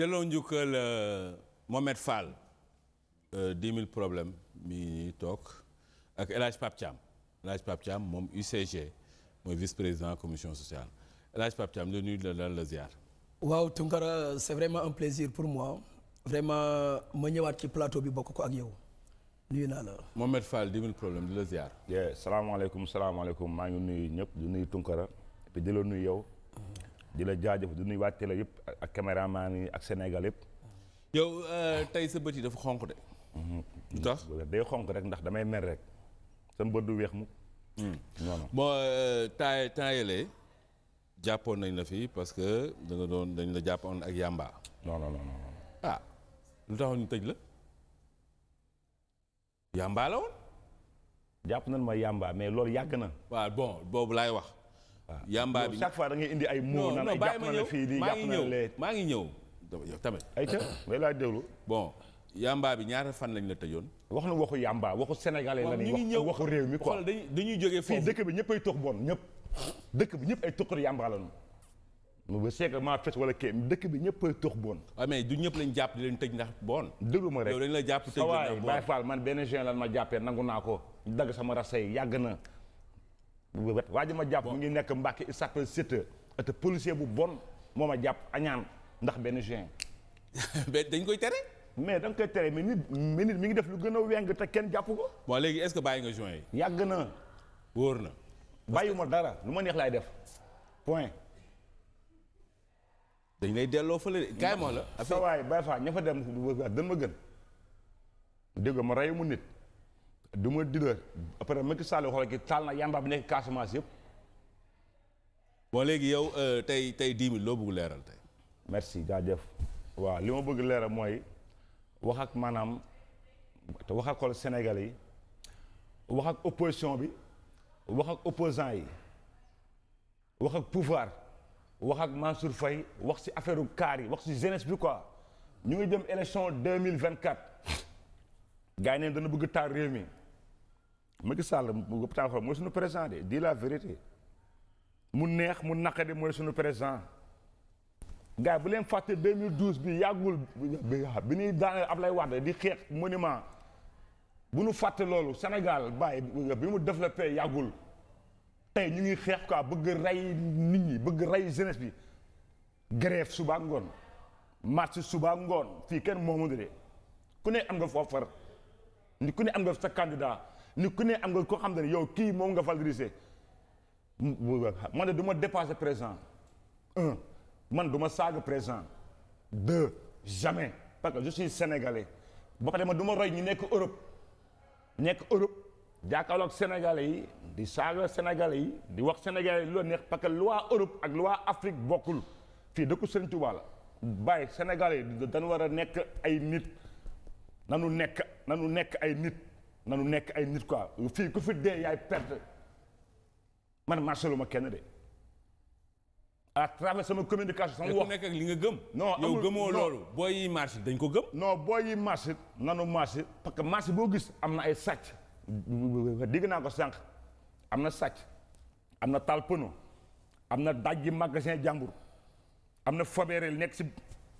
delloo njukkal euh, Mohamed Fall euh, dix mille problèmes mi toog ak El Hadj Pape Thiam El Hadj moom UCG mooy vice-président commission sociale El Hadj Pape Thiam la nuyu la lan waaw Tunkara c'est vraiment un plaisir pour moi vraiment ma ñëwaat ci plateau bi bokk ko ak ñëw nuyu naa la. Mohamed Fall dix mille problèmes di la ziar. jërëjëf salaamaaleykum salaamaaleykum maa ngi nuyu ñëpp di nuy Tunkara te di la nuy yow. di la jaajëf di nuyu waa télé yëpp ak caméraman yi ak Sénégal yëpp. yow euh, tey sa bët yi dafa xonq de. Mm-hmm. lu tax day xonq rek ndax damay mer rek. sama bët du weex mu. Mm. Mm, non non bon euh, temps jàppoon nañ la fii parce que da dañ la jàppoon ak yàmba. non ah, lu tëj la. yàmbaa nañ ma yàmbaa mais loolu yàgg na. waa bon boobu laay wax. yamba bi chaque fois da ngay indi ay mots nan ay jàpp na fii lii jàpp maa ngi ñëw yow tamit. ayca may laaj déglu. bon yamba bi ñaata fan lañ la tëjoon. wax na waxu yàmbaa waxu sénégalais la ñëw wax waxu réew mi quoi dañuy dañuy jógee foofu dëkk bi ñëpp ay tox bon ñëpp dëkk bi ñëpp ay toxaru yamba ba seeg maa wala kii dëkk bi ñëpp ay tox bon. waaw ah, mais du ñëpp lañ jàpp di leen tëj ndax bon. déglu ma rek yow dañ la jàpp tëj ndax bon waaw Baye man benn jeune lan ma jàppee nangu naa ko dagg sama rase yi yàgg na waa ji ma jàpp mu ngi nekk Mbàkke il s'appelle Siteu te policier bu bon moo ma jàpp añaan ndax benn juin mais dañ koy tere mais da koy tere mais nit mais mi ngi def lu gën a weng te kenn jàpp ko bon léegi est-ce que bàyyi nga juin yi yàgg na wóor na bàyyuma dara lu ma neex lay def point dañ lay delloo fële de kaay moo la sa waay bay fa ña fa dem dañ ma gën dégg ma reyu mu nit du ma dina après Macky Sall xool ki taal na yamba bi nekk Casamance yëpp. bon léegi yow euh, tey tey 10 000 loo bëgg leeral tey. merci jaajëf waaw li ma bëgg leeral mooy wax ak maanaam te wax ak xool Sénégal yi wax ak opposition bi wax ak opposant yi wax ak pouvoir wax ak Mansour Faye wax si affaire kaar yi wax si jeunesse bi quoi ñu ngi jëm élection 2024 gars yi neen dana bëgg taal réew mi. Macky Sall mu gëpp taal mooy suñu la vérité mu neex mu naqade mooy suñu président gars bu leen fàtte 2012 bi yàggul bi ñuy ab lay Wade di xeex monument bu nu fàtte loolu Sénégal bàyyi bi mu développé yàggul tey ñu ngi xeex quoi bëgg rey nit ñi bëgg rey jeunesse bi grève suba ngoon marche suba ngoon fii kenn moomu de ku ne am nga foofu far ku ne am nga sa candidat ni ku ne am nga koo xam ne yow kii moom nga valoriser man de duma ma dépasser présent un man du ma saaga présent deux jamais parce que je suis sénégalais ba pare ma du ma roy ñu nekk Europe nekk Europe jàkkaarloo ak yi di saaga sénégalais yi di wax sénégalais yi loo nekk parce que loi Europe ak loi Afrique bokkul fii dëkku Sëriñ Tuubaa la bàyyi sénégalais yi dañu war a nekk ay nit nanu nekk nanu nekk ay nit nanu nekk ay nit quoi fii ku fi dee yaay perte man marcelu ma kenn de à travers sama communication sama wax nekk ak li nga gëm non yow loolu booy yi marché dañ ko gëm non booy yi marché nanu marché parce que marché boo gis am na ay sàcc digg naa ko sànq am na sàcc am na taal pëno am na dajji magasin jàmbur am na fobeereel nekk si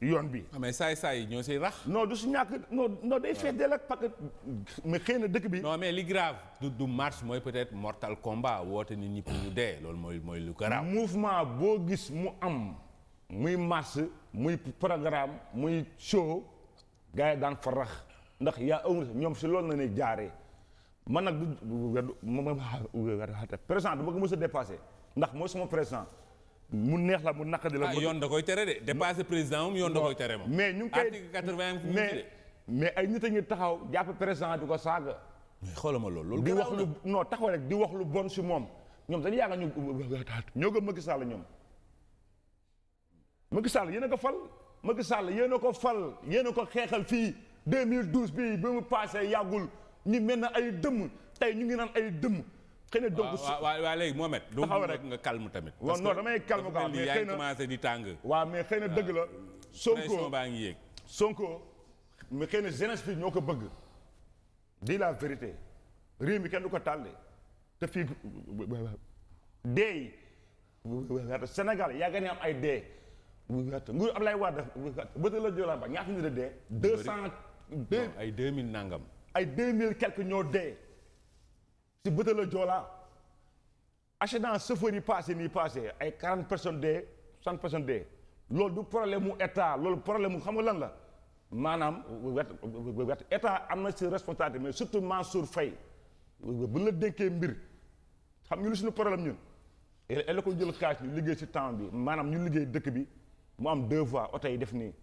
yoon bi. mais saay saay ñoo say rax. non du su ñàkk non noo day fees dell ak parce que mais xëy na dëkk bi. non mais li grave du du marche mooy peut-être mortal combat woote nit ñi pour ñu dee loolu mooy mooy lu grave. mouvement boo gis mu am muy marche muy programme muy show gars yi daan fa rax ndax yaa amul ñoom si loolu na ne jaare man nag du ma ma ma ko mos a dépassé ndax mooy sama président. mu neex la mu naq naqadi la. ah yoon da koy tere de dépassé président moom yoon da koy tere moom. mais ñu ngi koy article quatre mais mais ay nit a ngi taxaw jàpp président di ko saaga. mais xoolal ma loolu. di wax lu non taxaw rek di wax lu bon si moom ñoom dañu yaakaar ñu ñoo gëm Macky Sall ñoom. Macky Sall yéen ko fal Macky Sall yéen ko fal yéen a ko xeexal fii 2012 bii bi mu paasee yàggul ñi mel na ay dëmm tey ñu ngi naan ay dëmm. xëy na donc waaw waaw waaw léegi Mohamed. taxaw rek nga calme tamit. parce que non damay calme quoi mais xëy na commencé tàng. waaw xëy na dëgg la. Sonko baa ngi Sonko xëy na jeunesse bi ñoo ko bëgg. di la vérité réew mi kenn du ko tàlle te fii dee yi Sénégal yaa gën am ay dee. nguur Ablaye Wade bëgg la Joola ba ñaata nit a dee. deux cent deux ay deux mille nangam. ay deux mille quelque ñoo dee. si Bëtëla Joola accident chauffeur yi passé nii passé ay quarante personnes dee soixante personnes dee loolu du problème mu état loolu problème mu xam nga lan la maanaam wet état am na si responsabilité mais surtout Mansour Faye bu la dénkee mbir xam ñu lu suñu problème ñun et la ko jël cash ñu liggéey si temps bi maanaam ñu liggéey dëkk bi mu am deux fois oto yi def nii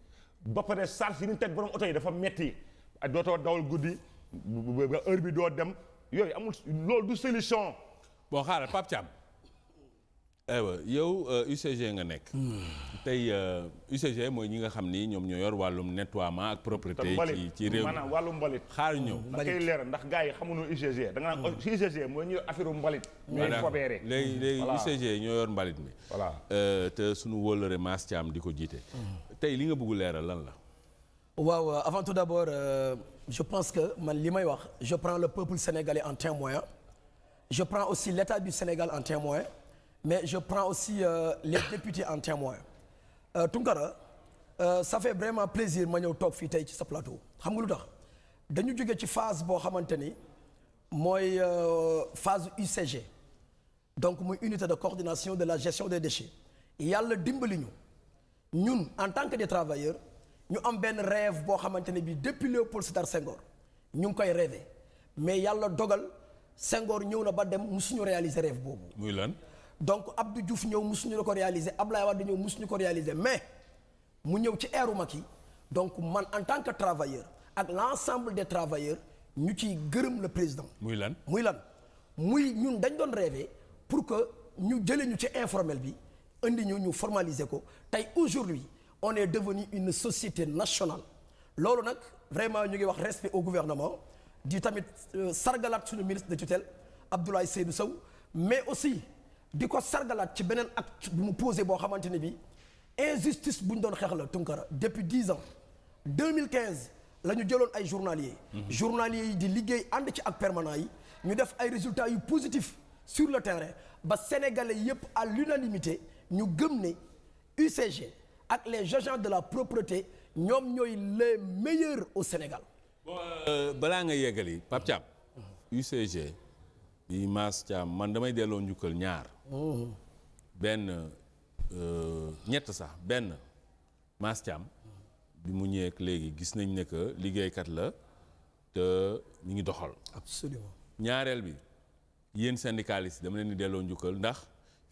ba pare charge yi ñu teg borom oto yi dafa metti dootoo dawal guddi heure bi doo dem yooyu amul lool du solution. boo xaaral Pape Thiam. aywa yow euh, UCG nga nekk. tey euh, UCG mooy ñi nga xam ni ñoom ñoo yor wàllum nettoiement ak propreté. ci ci réew mi maanaam wàllu mbalit. xaar ñëw da koy leer ndax gars yi xamuñu UCG danga nga naan oh, UCG mooy ñu affaire mbalit. ñooy fobeere léegi UCG ñoo yor mbalit mi. voilà euh, te sunu wóolare Mass Thiam di ko jiite. Mm. tey li nga bëgg leera lan la. waaw avant tout d'abord euh, je pense que man li may wax je prends le peuple sénégalais en témoin je prends aussi l'état du Sénégal en témoin mais je prends aussi euh, les députés en témoin euh, Tunkara euh, ça fait vraiment plaisir ma ñëw toog fii tey ci sa plateau xam nga lu tax dañu jóge ci phase boo xamante ni mooy phase UCG donc muy unité de coordination de la gestion des déchets yàlla dimbali ñu ñun en tant que de travailleurs ñu am benn rêve boo xamante ne bii depuis Léopold Sédar sengoor ñu ngi koy rêvé mais yàlla dogal Senghor ñëw na ba dem musuñu réaliser rêve boobu. muy lan donc Abdou Diouf ñëw musuñu la ko réaliser Ablaye Wade ñëw musuñu ko réaliser mais mu ñëw ci eeru ki donc man en tant que travailleur ak l' ensemble des travailleurs ñu ciy gërëm le président. muy lan muy lan muy ñun dañ doon rêvé pour que ñu jëlee ñu ci informel bi indi ñu ñu formaliser ko tey aujourd'hui on est devenu une société nationale loolu nag vraiment ñu ngi wax respect au gouvernement di tamit euh, sargalaat suñu ministre de tutelle Abdoulaye Seydou Sow mais aussi di ko sargalaat ci beneen ak bu mu posé boo xamante ne bi injustice bu ñu doon xeex la Tunkara depuis dix ans 2015 la ñu jëloon ay journaliers. Mhm. journal yi di liggéey ànd ci ak permanent yi ñu def ay résultat yu positifs sur le terrain ba sénégalais yépp à l'unanimité ñu gëm ne UCG ak les agents de la propreté ñoom ñooy les meilleurs au Sénégal. Euh, balaa nga yeggali Pape Thiam. UCG. bi Mass Thiam man damay delloo njukkal ñaar. benn euh, ñett sax benn Mass Thiam. bi mu ñëwee léegi gis nañ ne que liggéeykat la te ñu ngi doxal. absolument ñaareel bi yéen syndicalistes dama leen di delloo njukkal ndax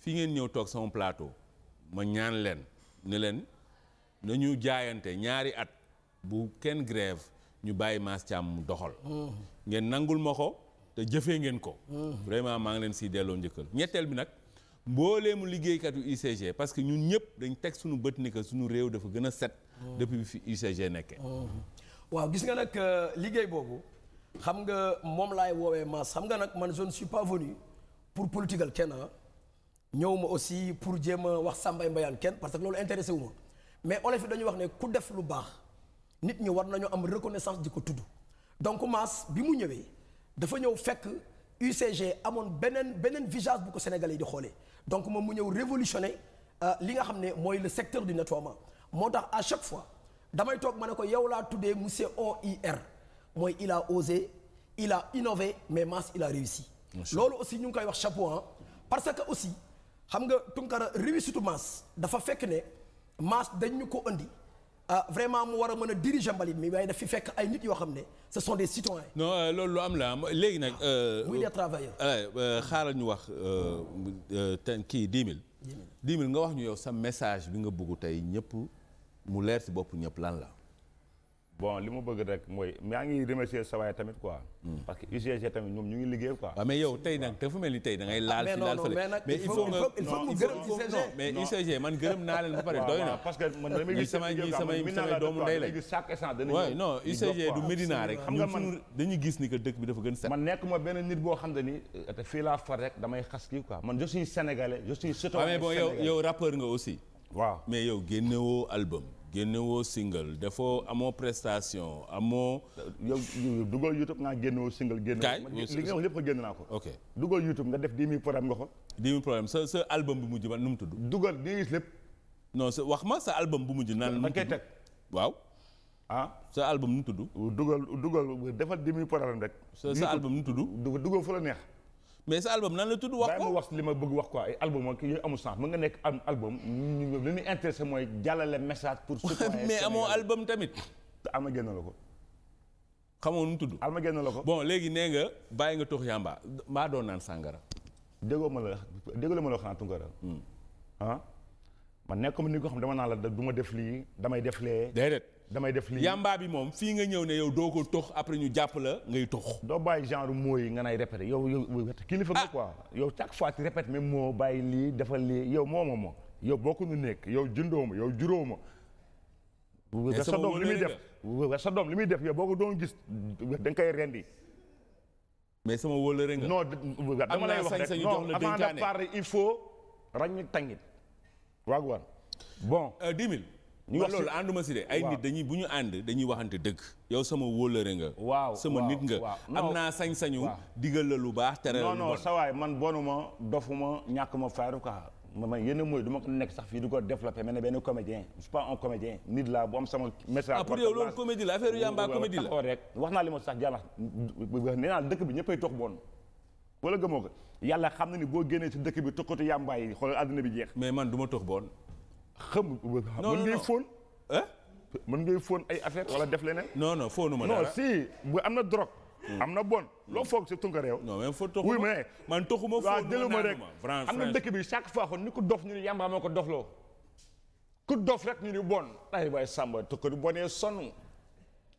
fi ngeen ñëw toog sama plateau ma ñaan leen. ni leen nañu jaayante ñaari at bu kenn grève ñu bàyyi maas Thiam mu doxal mm-hmm. ngeen nangul ma ko te jëfee ngeen ko mm-hmm. vraiment maa ngi leen si delloo njëkkal ñetteel bi nag mbooleemu liggéeykatu UCG parce que ñun ñëpp dañ teg suñu bët ni que suñu réew dafa gën a set mm-hmm. depuis bi fi UCG nekkee waaw gis nga nag euh, liggéey boobu xam nga moom laay woowee Mass xam nga nag man je ne suis pour politiquer kenn ah. ñëw ma aussi pour jéem a wax sàmbay mbayaan kenn parce que loolu intéressé wu mais olof yi dañuy wax ne ku def lu baax nit ñi war nañu am reconnaissance di ko tudd donc Mass bi mu ñëwee dafa ñëw fekk UCG amoon beneen beneen visage bu ko sénégal yi di xoolee donc moom mu ñëw révolutionner euh, li nga xam ne mooy le secteur du nettoiement moo tax à chaque fois damay toog ma ne ko yow laa tuddee monsieur OIR mooy il a osé il innové mais Mass il a réussi loolu aussi ñu ngi koy wax chapeau parce que aussi xam nga Tunkara réussite masse dafa fekk ne masse dañ ñu ko andi ah vraiment mu war a mën a diriger mbalit mi waaye daf fi fekk ay nit yoo xam ne ce sont des citoyens. non euh, loolu lu am la léegi nag. Ah, euh, muy des travailleurs. Euh, xaaral ñu wax ten kii 10 000. 10 nga wax ñu yow sa message bi nga bëgg tey ñëpp mu leer si bopp ñëpp lan la. bon li ma bëgg rek mooy maa ngi remercier sa waay tamit quoi. Hmm. parce que UCG tamit ñoom ñu ngi liggéey quoi. waaw ah, yow tey nag dafa mel ni tey da ngay ah, laal fi laal fële. mais il mais UCG man gërëm naa leen ba pare doy na. parce que man damay gis samay samay samay doomu ndey lañ. waaw non UCG du Medina rek. xam nga man dañuy gis ni que dëkk bi dafa gën set. man nekk ma benn nit boo xam ne ni te fii laa far rek damay xas kii quoi man je suis sénégalais je suis. Ah, citoyen yow yow rappeur nga aussi. waaw mais yow génnewoo album génnewoo single dafoo amoo prestation amoo. yow dugal YouTube nga génnewoo single. génne li nga wax lépp nga génn naa ko. ok dugal YouTube nga def 10 000 problème nga xool. 10 000 problème sa sa album bu mujj ba nu mu tudd. dugal di gis lépp. non sa wax ma sa album bu mujj. naan mu teg waaw. ah sa album nu mu tudd. dugal dugal defal 10 000 problème rek. so sa album nu mu tudd. dugal fu la neex. mais sa album nan la tudd wax ko bàyyi ma wax li ma bëgg wax quoi ay album moom yooyu amul sens mën nga nekk am album ñu li ñuy intéressé mooy jàllale message pour citoyen mais amoo album tamit alma génn la ko xamoo mu tudd alma génn la ko bon léegi nee nga bàyyi nga tox yamba maa doon naan sàngara déggoo ma la déggoo ma la xanaa tunkara hmm. ah nekk comme ni ko xam dama naan la du ma def lii damay def lee déedéet damay def lii yamba bi moom fii nga ñëw ne yow doo ko tox après ñu jàpp la ngay tox. doo bàyyi genre mots yi nga nay répété yow yow kilifa nga ah. quoi yow chaque fois tu même moo bàyyi lii defal lii yow moo ma ma yow bokku ñu nekk yow jëndoo ma yow juróo ma. sa doom li muy def sa doom ko doon gis da koy rendi mais sama wóolare nga. non dama lay wax il faut ràññi tàngit. waaw ñu wax loolu ànduma si de ay nit dañuy bu ñu ànd dañuy waxante dëgg yow sama wóolëre nga waaw sama nit nga am naa sañ-sañu digal la lu baax tere non non sa waay man bonuma dofuma ñàkk ma fayru ma yenn mooy du ma ko nekk sax fii di ko développé mel ne benn comédien je suis pas un comédien nit la bu am sama message ah pour yow loolu comédie la affaire yamba comédie la wax naa li ma sax jaanax nee dëkk bi ñëppay toog bon wala gëmoo ko yàlla xam na ni boo génnee si dëkk bi tokkatu yàmbaay yi xoolal àdduna bi jeex mais man du ma tox bon xamul mën ngay fóon eh? mën ngay fóon ay affaire wala def leneen non non fóonu ma dara non si bu am na drogue hmm. am na bon loo hmm. foog si Tounkara yow non foo toxuma mais man toxuma fóon jëluma am na dëkk bi chaque fois ni ko dof ñu ne ko dofloo ku dof ñu ni bon ay waay Samba Tounkara bonee sonn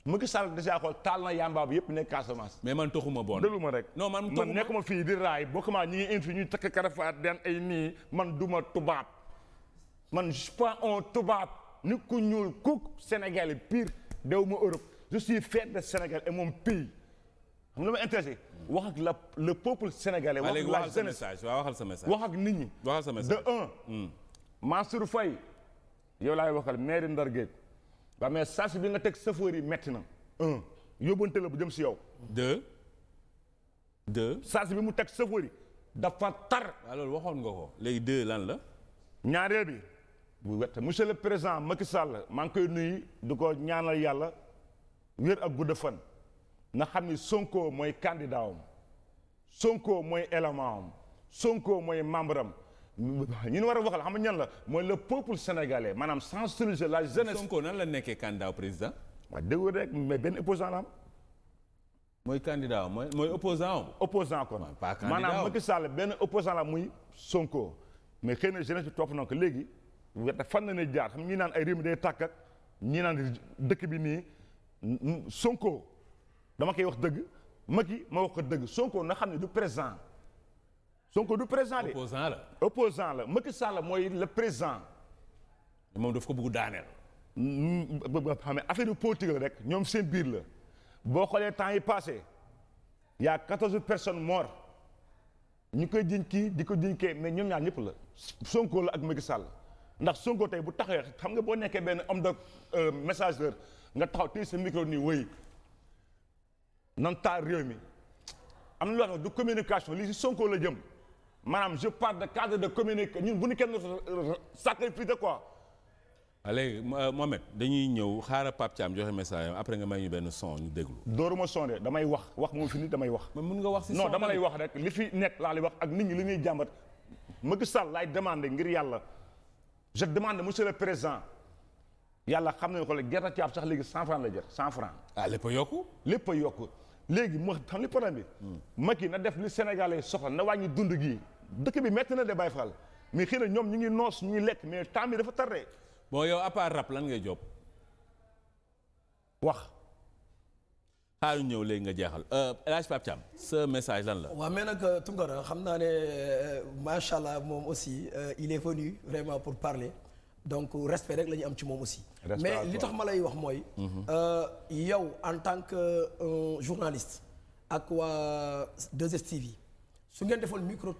Macky Sall dèjà xool taal na yamba bi yëpp nekk Casamance. mais man toxuma bon dëluma rek. non man toxuma man nekkuma fii di raay bokkuma ñi ngi indi fi ñuy takk karafaat den ay nii man duma tubaab. man je suis un tubaab nit ku ñuul kuk Sénégal pire dew ma Europe je suis fier de Sénégal et pays xam nga ma intéressé wax ak la le peuple sénégalais. wax ak la jeunesse waxal sa wax ak nit ñi. waxal sa message de un. Hmm. Mansour Faye yow laay waxal maire Ndar Géej waa mais sas bi nga teg chauffeur yi metti na un yóbbante la bu jëm si yow. deux deux. sas bi mu teg chauffeur yi dafa tar. waaw loolu waxoon nga ko léegi deux lan la. ñaareel bi. bu wet monsieur le président Macky Sall maa ngi koy nuyu di ko ñaanal yàlla wér ak gudd fan na xam ni Sonko mooy candidat Sonko mooy élément am Sonko mooy membre am ñun war a waxal xam nga ñan la mooy le peuple sénégalais maanaam sensibiliser la jeunesse. Sonko nan la nekkee candidat président. waaw dégg rek mais benn opposant la am. mooy candidat mooy opposant kon maanaam Macky benn opposant la muy Sonko mais xëy na jeunesse bi topp na ko léegi. wet fan la ne jaar xam ñi naan ay réew mi day tàkk ak naan dëkk bi nii Sonko dama koy wax dëgg Macky ma wax ko dëgg Sonko na xam ne du président Sonko du président de. opposant la opposant la Macky Sall mooy le président. moom daf ko bëgg daaneel. xam ne affaire politique la rek ñoom seen biir la boo xoolee temps yi passé y' a quatorze personnes mortes ñu koy jiñ kii di ko jiñ kee mais ñoom ñaar ñëpp la Sonko la ak Macky Sall. ndax Sonko tey bu taxee xam nga boo nekkee benn homme de euh, messager nga taxaw téye sa micro nii wéy nan réew mi am na loo xam du communication li si Sonko la jëm maanaam je parle de cadre de communication ñun bu ñu kenn euh, sacrifice de quoi. léegi euh, Mohamed dañuy ñëw xaaral Pape Thiam joxe message après nga may ñu benn son ñu déglu. dooruma son damay wax wax moo fi ni damay wax. mais mën nga wax si non dama lay wax rek li fi nekk laa lay wax ak nit ñi li ñuy jàmbat Macky Sall laay demandé ngir yàlla. je demande monsieur le président yàlla xam nañu ko la gerte caaf sax léegi cent franc la jar cent franc. ah lépp yokku. lépp a yokku léegi ma xam li problème bi. Hmm. Macky na def li Sénégalais soxla na wàññi dund gi dëkk bi métti na de Baye Fall mais xëy na ñoom ñu ngi noos ñu ngi lekk mais temps bi dafa tare bon yow à part lan ngay job yu ñëw léegi nga jeexal euh, El Hadj ce message lan la. waaw mais nag euh, Tunkara xam naa ne euh, macha allah moom aussi il est venu vraiment pour parler donc respect rek la ñu am ci moom aussi. mais li tax ma lay wax mooy. Mhm. yow en tant que euh, journaliste. ak waa 2STV su ngeen defoon micro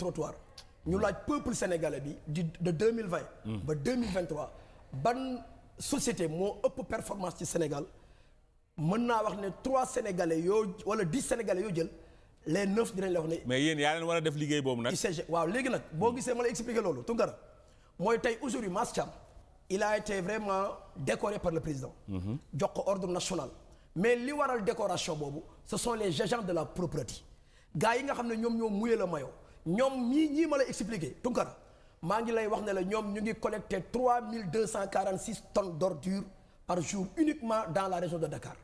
ñu mhm. laaj peuple sénégalais bi di de mille vingt. Mhm. ba deux mille vingt trois ban société moo ëpp performance ci Sénégal. mën naa wax ne trois sénégalais yoo wala dix sénégalais yoo jël les neuf dinañ la wax ne. mais yéen yaa leen war a def liggéey boobu nag. waaw léegi nag boo gisee ma lay expliquer loolu Tounkara mooy tey aujourd'hui Mass Thiam il a été vraiment décoré par le président. Mhm. jox ko ordre national. mais li waral décoration boobu ce sont les agents de la propreté gars yi nga xam ne ñoom ñoo muyee la mayoo ñoom ñii ñii ma lay expliquer Tounkara maa ngi lay wax ne la ñoom ñu ngi collecté trois mille deux cent quarante six tonnes d'ordures par jour uniquement dans la région de Dakar.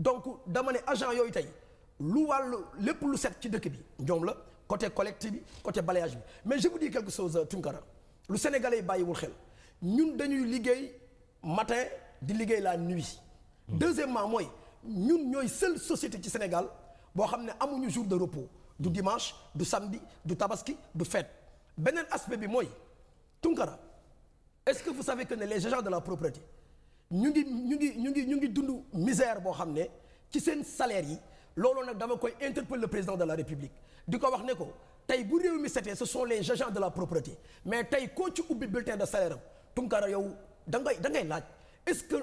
donc dama ne agent yooyu tey lu wàllu lépp lu set ci dëkk bi ñoom la côté collecte bi côté balayage bi mais je vous dis quelque chose euh, Tunkara lu sénégalais yi bàyyiwul xel ñun dañuy liggéey matin di liggéey la nuit. deuxièmement mooy ñun ñooy seule société ci Sénégal boo xam ne amuñu jour de repos du dimanche du samedi du tabaski du fête beneen aspect bi mooy Tunkara est-ce que vous savez que ne de la propreté ñu ngi ñu ngi ñu ngi ñu ngi dund misère boo xam ne ci seen salaire yi loolu nag dama koy interpeller le président de la république di ko wax ne ko tey bu réew mi setee ce sont les agents de la propreté mais tey ko ci ubbi bulletin de salaire am Tunkara yow da ngay da ngay laaj est-ce que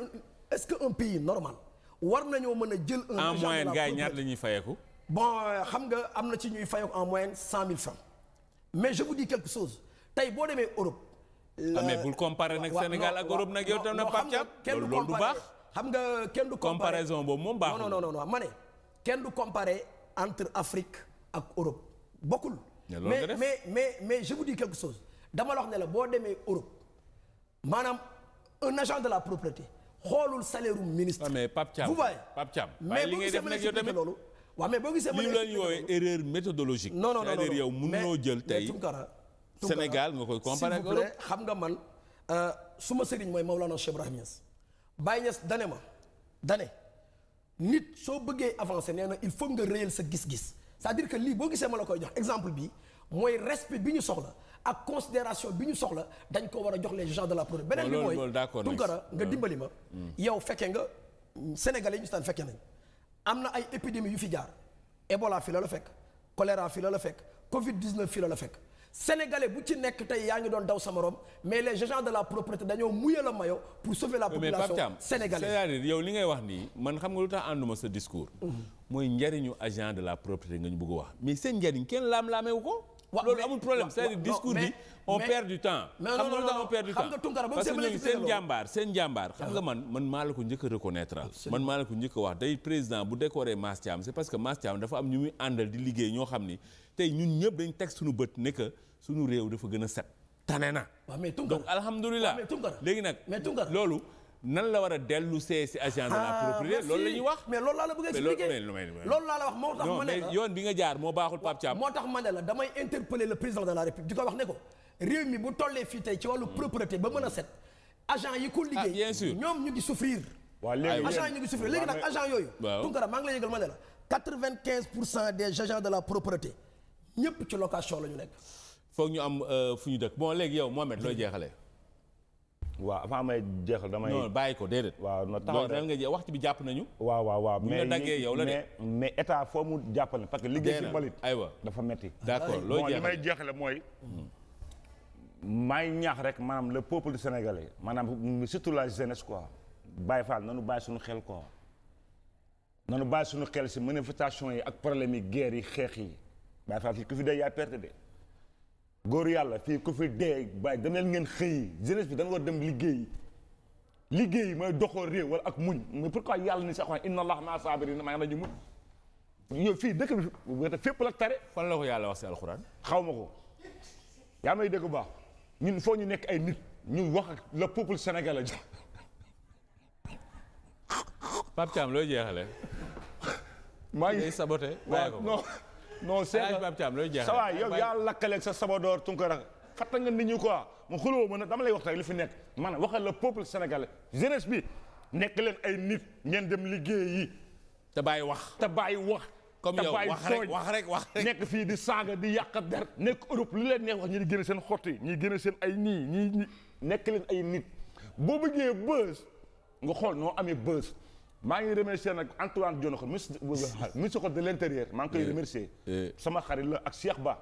est-ce que un pays normal war nañoo mën a jël. un agent de la propreté la ñuy fayeeku. bon euh, xam nga am na ci ñuy fayeeku en moyenne cent mille francs mais je vous dis quelque chose tey boo demee Europe. Ah, la mais bul comparer nag Sénégal ak Europe nag yow tam na Pape Thiam loolu du baax xam nga kenn du comparer comparaison boobu moom baaxul non non non ma ne kenn du comparer entre Afrique ak Europe bokkul. mais mais mais mais je vous dis quelque chose dama la wax ne la boo demee Europe maanaam un agent de la propreté xoolul salaire u ministre. Ah, mais Pape Thiam vous voyez. Pape Thiam mais li ngay def nag yow tamit loolu. waaw mais boo gisee ma ne expliqué loolu li ñu erreur méthodologique. non non non c'est-à-dire yow mënuloo jël tey. Sénégal moo koy comparé s'il xam nga man euh, su ma sëriñ mooy Maulana Cheikh Ibrahim Niass Baye Niass ma dane nit soo bëggee avancer nee na il faut nga réyal sa gis-gis à que lii boo gisee ma la koy jox exemple bi mooy respect bi ñu soxla ak considération bi ñu soxla dañ ko war a jox les gens de la province beneen bi mooy Tounkara nga hmm. dimbali ma hmm. yow fekke nga sénégalais yi ñu staan fekke am na ay épidémie yu fi jaar Ebola fi la la fekk choléra fii la la fekk Covid 19 fii la la fekk sénégalais bu ci nekk tey yaa ngi doon daw sa morom mais les agents de la propreté dañoo mouiller le maillot pour sauver la population man xam nga lu tax ànduma sa discours mhm. mooy njariñu agent de la propreté nga ñu bëgg wax mais seen njariñ kenn laam-laamewu ko loolu amul problème c'est-à-dire parce que ñoom seen jàmbaar seen man man maa la ko njëkk a reconnaître man maa la ko bu décorer Mass Thiam parce que Mass Thiam dafa am ñu muy àndal di liggéey ñoo xam ni tey ñun ñëpp dañ teg suñu bët ne que suñu réew dafa gën a set tane na donc alhamdulilah léegi nag loolu nan la war a dellu see si agent de la ah, propriété loolu la ñuy wax mais loolu laa la bëgg a expliquer loolu laa la wax moo tax ma la yoon bi nga jaar moo baaxul Pape Thiam moo tax la damay interpeller le président de la République di ko wax ne ko réew mi bu tollee fii tey ci wàllu hmm. propriété ba mën a set agent yi ko liggéey ah, bien ñoom ñu ngi souffrir waaw léegi agent yi ñu ngi souffrir léegi nag agent yooyu Tunkara maa ngi lay yëgal vingt quinze pour cent des agents la propriété ñépp ci location lañu ñu nekk. foog ñu am euh, fu ñu dëkk bon léegi yow Mohamed looy jeexale waaw avant may jeexal damay. non bàyyi ko déedéet. waaw non taxaw nga jeex waxtu bi jàpp nañu. waaw waaw waaw mais yow la mais état foo mu jàppale parce que liggéey ci mbalit. aywa dafa metti d'accord looy jeexale bon li may jeexale mooy. maay ñaax rek maanaam le peuple sénégalais maanaam surtout la jeunesse quoi. bàyyi faal nanu bàyyi suñu xel quoi. nanu bàyyi suñu xel si manifestation yi ak problème yi guerre yi xeex yi. Baay Faal fii ku fi dee yaa perte de góor yàlla fii ku fi dee bàyyi dem leen ngeen xëy jeunesse bi dañu war dem liggéey liggéey mooy doxoo réew wala ak muñ mais pourquoi yàlla ni sax inna allaha maa saabiriin maa ngi muñ fii dëkk bi fépp la tare. fan la ko yàlla wax si alxuraan. xaw ma ko yaa may dégg bu baax ñun foo ñu nekk ay nit ñu wax ak le peuple sénégalais. Pape Thiam looy jeexale. maa ngi saboté. waaw non. non c'est ça va yow yaa lakkaleeg sa sabadoor Tunkara fatta nga nit ñi quoi mu xuloo mën a dama lay wax rek lu fi nekk maanaam waxal la peuple sénégalais jeunesse bi nekk leen ay nit ngeen dem liggéey yi te bàyyi wax te bàyyi wax comme yow wax rek wax wax rek nekk fii di saaga di yàq der nekk Europe lu leen neex wax ñi di génne seen xott yi ñi génne seen ay nii ñi nekk leen ay nit boo bëggee bës nga xool noo amee bës maa ngi remercier nag Antoine Diome ministre ministre de l' intérieur maa ngi koy eh, eh. sama xarit la ak Cheikh Ba.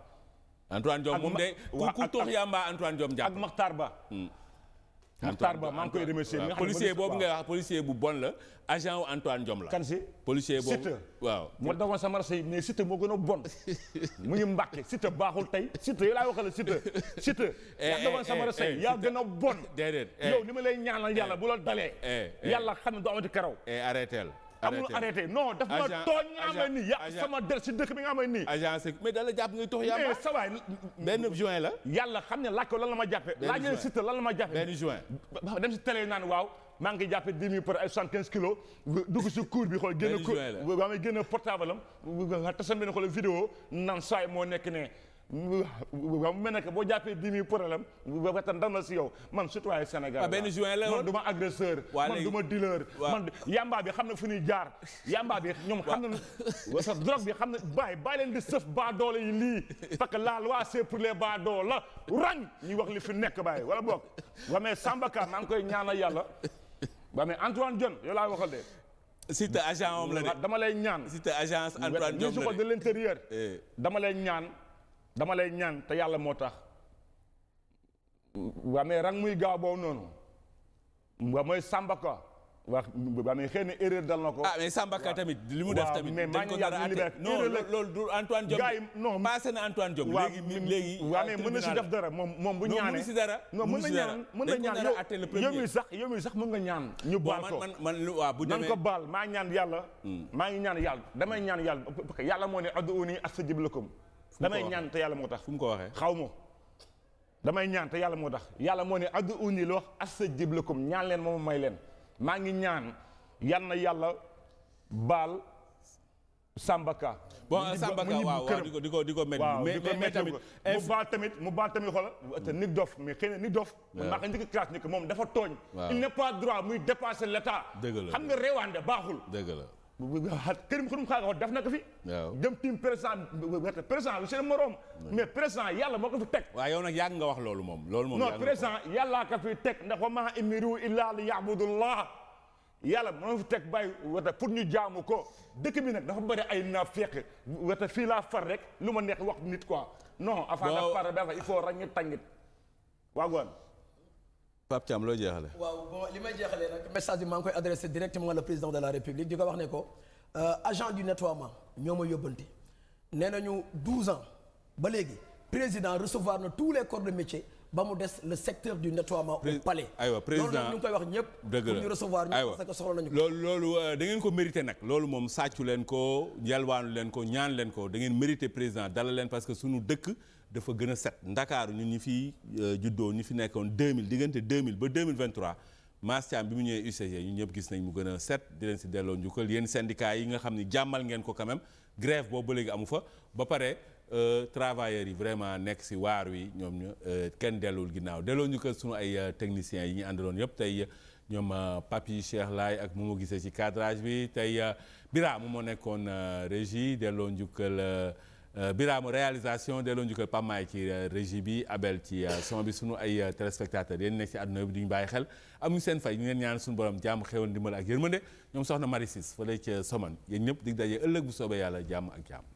Antoine Diome moom de. ku ku toox yaa mbaa Antoine Diome jàpp Ba. Hmm. Mokhtar Ba maa ngi koy remercier nga xam policier boobu ngay wax policier bu bon la agent wu Antoine Diome la. kan si policier waaw. moo dawoon sama marché yi mais Siteu moo gën a bon mu ngi Mbàkke Siteu baaxul tey Siteu yow laa waxal Siteu Siteu. Eh, yaa dawoon eh, sama marché eh, yi yaa gën a bon. déedéet yow ni ma lay ñaanal yàlla bu la dalee. yàlla xam ne doo amati karaw. arrêté la. amul arrêté non daf ma tooñ nga xam ne nii yàq sama der si dëkk bi nga xam ne nii agence mais dala jàpp ngay tox yàmba mais sa benn juin la yàlla xam ne laaj lan la ma jàppe laaj leen Siteu lan la ma jàppe benn juin dem si télé naan waaw maa ngi jàppe dix mille par ay soixante quinze kilos dugg si cour bi xool génn cour waa may génn portable am tasam benn xool vidéo naan saay moo nekk ne waaw mu mel ne que boo jàppee dix mille problème waxtaan dal na si yow man citoyen Sénégal ah, benn juin la man du ma agresseur man du ma dealer man yamba bi xam na fu ñuy jaar yamba bi ñoom xam na sa drogue bi xam na bàyyi bàyyi leen di sëf baa doole yi lii parce que la loi c'est pour les baa doole la rang ñuy wax li fi nekk baay wala boog wamee Samba Ka maa ngi koy ñaanal yàlla wamee Antoine Diome yow laa waxal de si te agent moom la de dama lay ñaan si te agence Antoine Diome la eh. dama lay ñaan dama lay ñaan te yàlla moo tax waa mais rang muy gaaw boobu noonu waa mooy sàmbaka wax waa mais xëy na dal na ko. ah mais sàmbaka tamit li mu def tamit. mais maa ngi yàgg li du Antoine Diome. gars yi non passé na Antoine Diome. léegi léegi waa mais mën dara moom bu ñaanee. non si dara non mën na ñaan mën na ñaan sax yow sax mën nga ñaan. ñu baal ko man bu demee nan ko baal maa ñaan yàlla. Hmm. maa ngi ñaan yàlla damay ñaan yàlla parce que yàlla moo ne ad'uuni la lakum damay ñaan te yàlla moo tax fu mu ko waxee xaw ma damay ñaan te yàlla moo tax yàlla moo ne addu uni la wax astajib lakum ñaan leen moom may leen maa ngi ñaan yal na yàlla baal Sambaka. bon Sambaka waaw waaw di ko di ko di ko mel. tamit mu baal tamit mu baal tamit xoolal. te nit dof mais xëy na nit dof. waaw maa ngi njëkk classe ni moom dafa tooñ. il n'est pas droit muy dépasser l'état. dëgg la xam nga réewande baaxul. dëgg la. kërim xurum xaaga wax def na ko fi jëm tim président président lu seen moroom mais président yàlla moo ko fi teg waaw yow nag yàgg nga wax loolu moom loolu moom non président yàllaa ko fi teg ndax wa maa umiru illaa li yaabudullah yàlla moo fi teg bàyyi wata pour ñu jaamu ko dëkk bi nag dafa bëri ay naa naafeq wata fii laa far rek lu ma neex wax nit quoi non avant de parler dafa il faut rek ñu waa waagoon Pape Thiam loo jeexale waaw bon li may jeexalee nag message bi maa ngi koy adressé directement le président de la république di ko wax ne ko euh, agent du nettoiement ñoo ma yóbbante nee nañu 12 ans ba léegi président recevoir na tous les corps de métier ba mu des le secteur du nettoiement au palais. président loolu nag ñu ngi koy wax ñëpp. dëgg la pour ñu recevoir ñëpp parce que soxla loolu loolu euh, ngeen ko mérité nag. loolu moom sàccu leen ko jalwaanu leen ko ñaan leen ko da ngeen mérité président dalal leen parce que suñu dëkk. dafa gën a set ndakaaru ñun ñu fi euh, juddoo ñu fi nekkoon deux 2000 diggante 2000 ba 2023 Mass Thiam bi mu ñëwee UCG ñun ñëpp gis nañ mu gën a set di leen si delloo njukkal yéen syndicats yi nga xam ni jàmmal ngeen ko quand même grève boobu ba léegi amu fa ba pare euh, travailleurs yi vraiment nekk si waar wi ñoom ñu euh, kenn delluwul ginnaaw delloo njukkal sunu ay techniciens yi ñu àndaloon yëpp tey ñoom Papy Cheikh Laye ak mu ma gisee ci cadrage bi tey Bira mu moo nekkoon régie delloo njukkal. Euh, Birama réalisation delloo njukkal Pape Maye ci euh, régie bi Abel ci euh, son bi sunu ay téléspectateurs yéen nekk ci àdduna bi duñu bàyyi xel amuñu seen fay ñu leen ñaan suñu borom jàmm xéwal ndimbal ak yërmande ñoom soxna Marie Ciss fële ca Soman yéen ñëpp dig daje ëllëg bu soobee yàlla jàmm ak jàmm